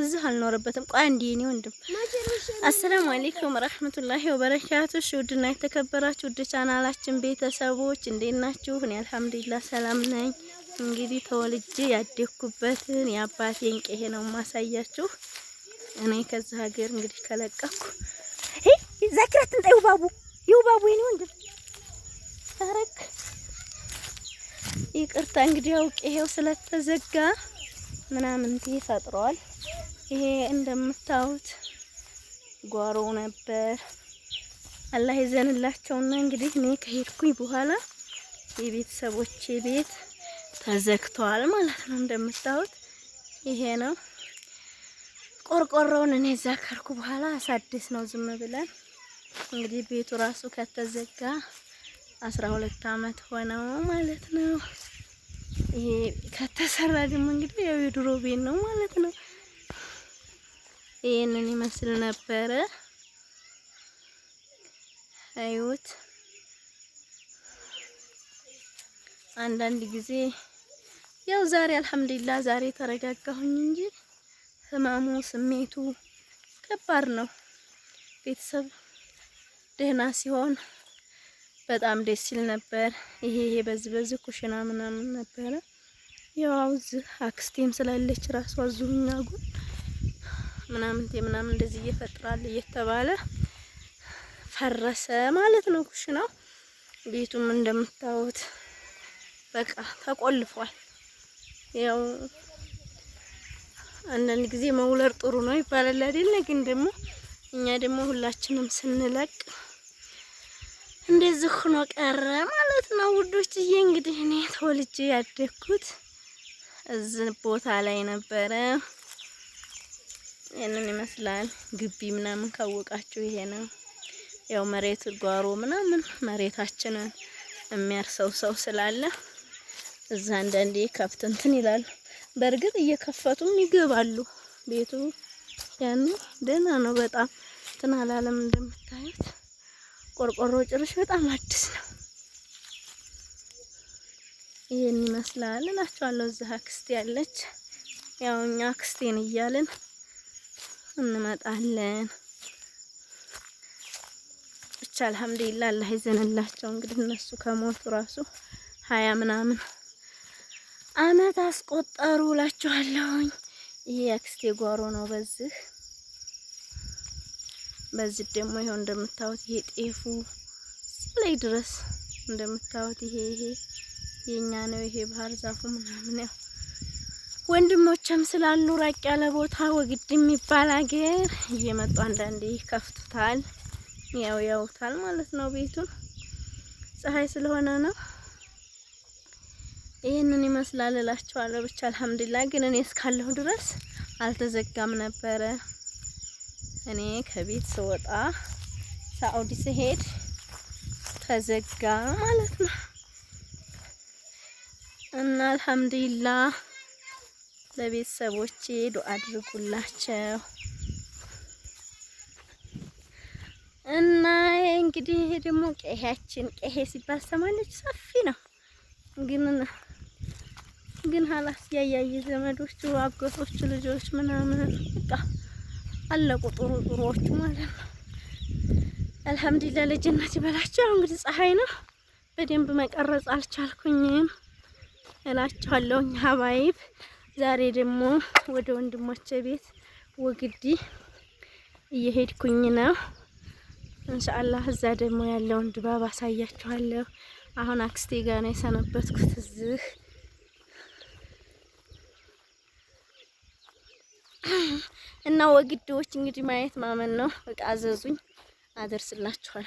እዚህ አልኖረበትም። ቆይ አንዴ እኔ ወንድም። አሰላሙ አለይኩም ወራህመቱላሂ ወበረካቱ። ውድና የተከበራችሁ ውድ ቻናላችን ቤተሰቦች እንዴት ናችሁ? እኔ አልሐምዱሊላህ ሰላም ነኝ። እንግዲህ ተወልጄ ያደግኩበትን የአባቴን ቀዬ ነው ማሳያችሁ። እኔ ከዚህ ሀገር እንግዲህ ከለቀኩ ዛኪራት እንጣ ይውባቡ ይውባቡ የኔ ወንድም ታረክ ይቅርታ እንግዲህ አውቄ ይሄው ስለተዘጋ ምናምን ፈጥሯል። ይሄ እንደምታዩት ጓሮ ነበር። አላህ ይዘንላቸውና እንግዲህ እኔ ከሄድኩኝ በኋላ የቤተሰቦቼ ቤት ተዘግቷል ማለት ነው። እንደምታዩት ይሄ ነው ቆርቆሮውን እኔ እዛ ከርኩ በኋላ አሳድስ ነው ዝም ብለን እንግዲህ ቤቱ ራሱ ከተዘጋ አስራ ሁለት አመት ሆነው ማለት ነው። ይሄ ከተሰራ ደግሞ እንግዲህ ያው የድሮ ቤት ነው ማለት ነው። ይሄንን ይመስል ነበረ አይውት አንዳንድ ጊዜ ያው ዛሬ አልሐምዱሊላህ ዛሬ ተረጋጋሁኝ እንጂ ህመሙ ስሜቱ ከባድ ነው። ቤተሰብ ደህና ሲሆን በጣም ደስ ይል ነበር። ይሄ ይሄ በዚህ በዚህ ኩሽና ምናምን ነበረ። ያው እዚህ አክስቴም ስላለች ራሷ እዚሁኛ ጉን ምናምን ምናምን እንደዚህ እየፈጥራል እየተባለ ፈረሰ ማለት ነው። ኩሽናው ቤቱም እንደምታዩት በቃ ተቆልፏል። ያው አንዳንድ ጊዜ መውለር ጥሩ ነው ይባላል አይደል? ግን ደግሞ እኛ ደግሞ ሁላችንም ስንለቅ እንደዚህ ሆኖ ቀረ ማለት ነው ውዶችዬ። እንግዲህ እኔ ተወልጄ ያደግኩት እዚህ ቦታ ላይ ነበረ። ይህንን ይመስላል ግቢ ምናምን ካወቃችሁ ይሄ ነው። ያው መሬት ጓሮ ምናምን መሬታችንን የሚያርሰው ሰው ስላለ እዛ አንዳንዴ ከብት እንትን ይላሉ። በእርግጥ እየከፈቱም ይገባሉ። ቤቱ ያኔ ደህና ነው። በጣም እንትን አላለም። እንደምታዩት ቆርቆሮ ጭርሽ በጣም አዲስ ነው። ይሄን ይመስላል እላችኋለሁ። እዚህ አክስቴ ያለች ያው እኛ አክስቴን እያልን እንመጣለን። ብቻ አልሐምዱሊላ አላህ ይዘንላቸው። እንግዲህ እነሱ ከሞቱ ራሱ ሀያ ምናምን አመት አስቆጠሩ እላችኋለሁኝ። ይሄ አክስቴ ጓሮ ነው። በዚህ በዚህ ደግሞ ይኸው እንደምታዩት ይሄ ጤፉ ላይ ድረስ እንደምታዩት ይሄ ይሄ የኛ ነው ይሄ ባህር ዛፉ ምናምን። ያው ወንድሞችም ስላሉ ራቅ ያለ ቦታ ወግድ የሚባል አገር እየመጡ አንዳንዴ ከፍቱታል፣ ያው ያውታል ማለት ነው ቤቱን። ፀሐይ ስለሆነ ነው። ይህንን ይመስላል እላችኋለሁ። ብቻ አልሐምዱሊላህ ግን እኔ እስካለሁ ድረስ አልተዘጋም ነበረ። እኔ ከቤት ስወጣ ሳኡዲ ስሄድ ተዘጋ ማለት ነው። አልሐምዱሊላ ለቤተሰቦቼ ዱአ አድርጉላቸው እና እንግዲህ ደግሞ ቀሄያችን ቀሄ ሲባል ሰማለች ሰፊ ነው ግን ግን ሀላስ ያያየ ዘመዶቹ አጎቶቹ ልጆች ምናምን በቃ አለቁ። ጥሩ ጥሩዎቹ ማለት ነው። አልሐምዱሊላህ ለጀነት ይበላቸው። እንግዲህ ፀሐይ ነው፣ በደንብ መቀረጽ አልቻልኩኝም። እላችኋለሁ። ሀባይብ ዛሬ ደግሞ ወደ ወንድሞቼ ቤት ወግዲ እየሄድኩኝ ነው። እንሻአላህ እዛ ደግሞ ያለውን ድባብ አሳያችኋለሁ። አሁን አክስቴ ጋር ነው የሰነበትኩት እዚህ እና ወግዶች እንግዲህ ማየት ማመን ነው። በቃ አዘዙኝ፣ አደርስላችኋል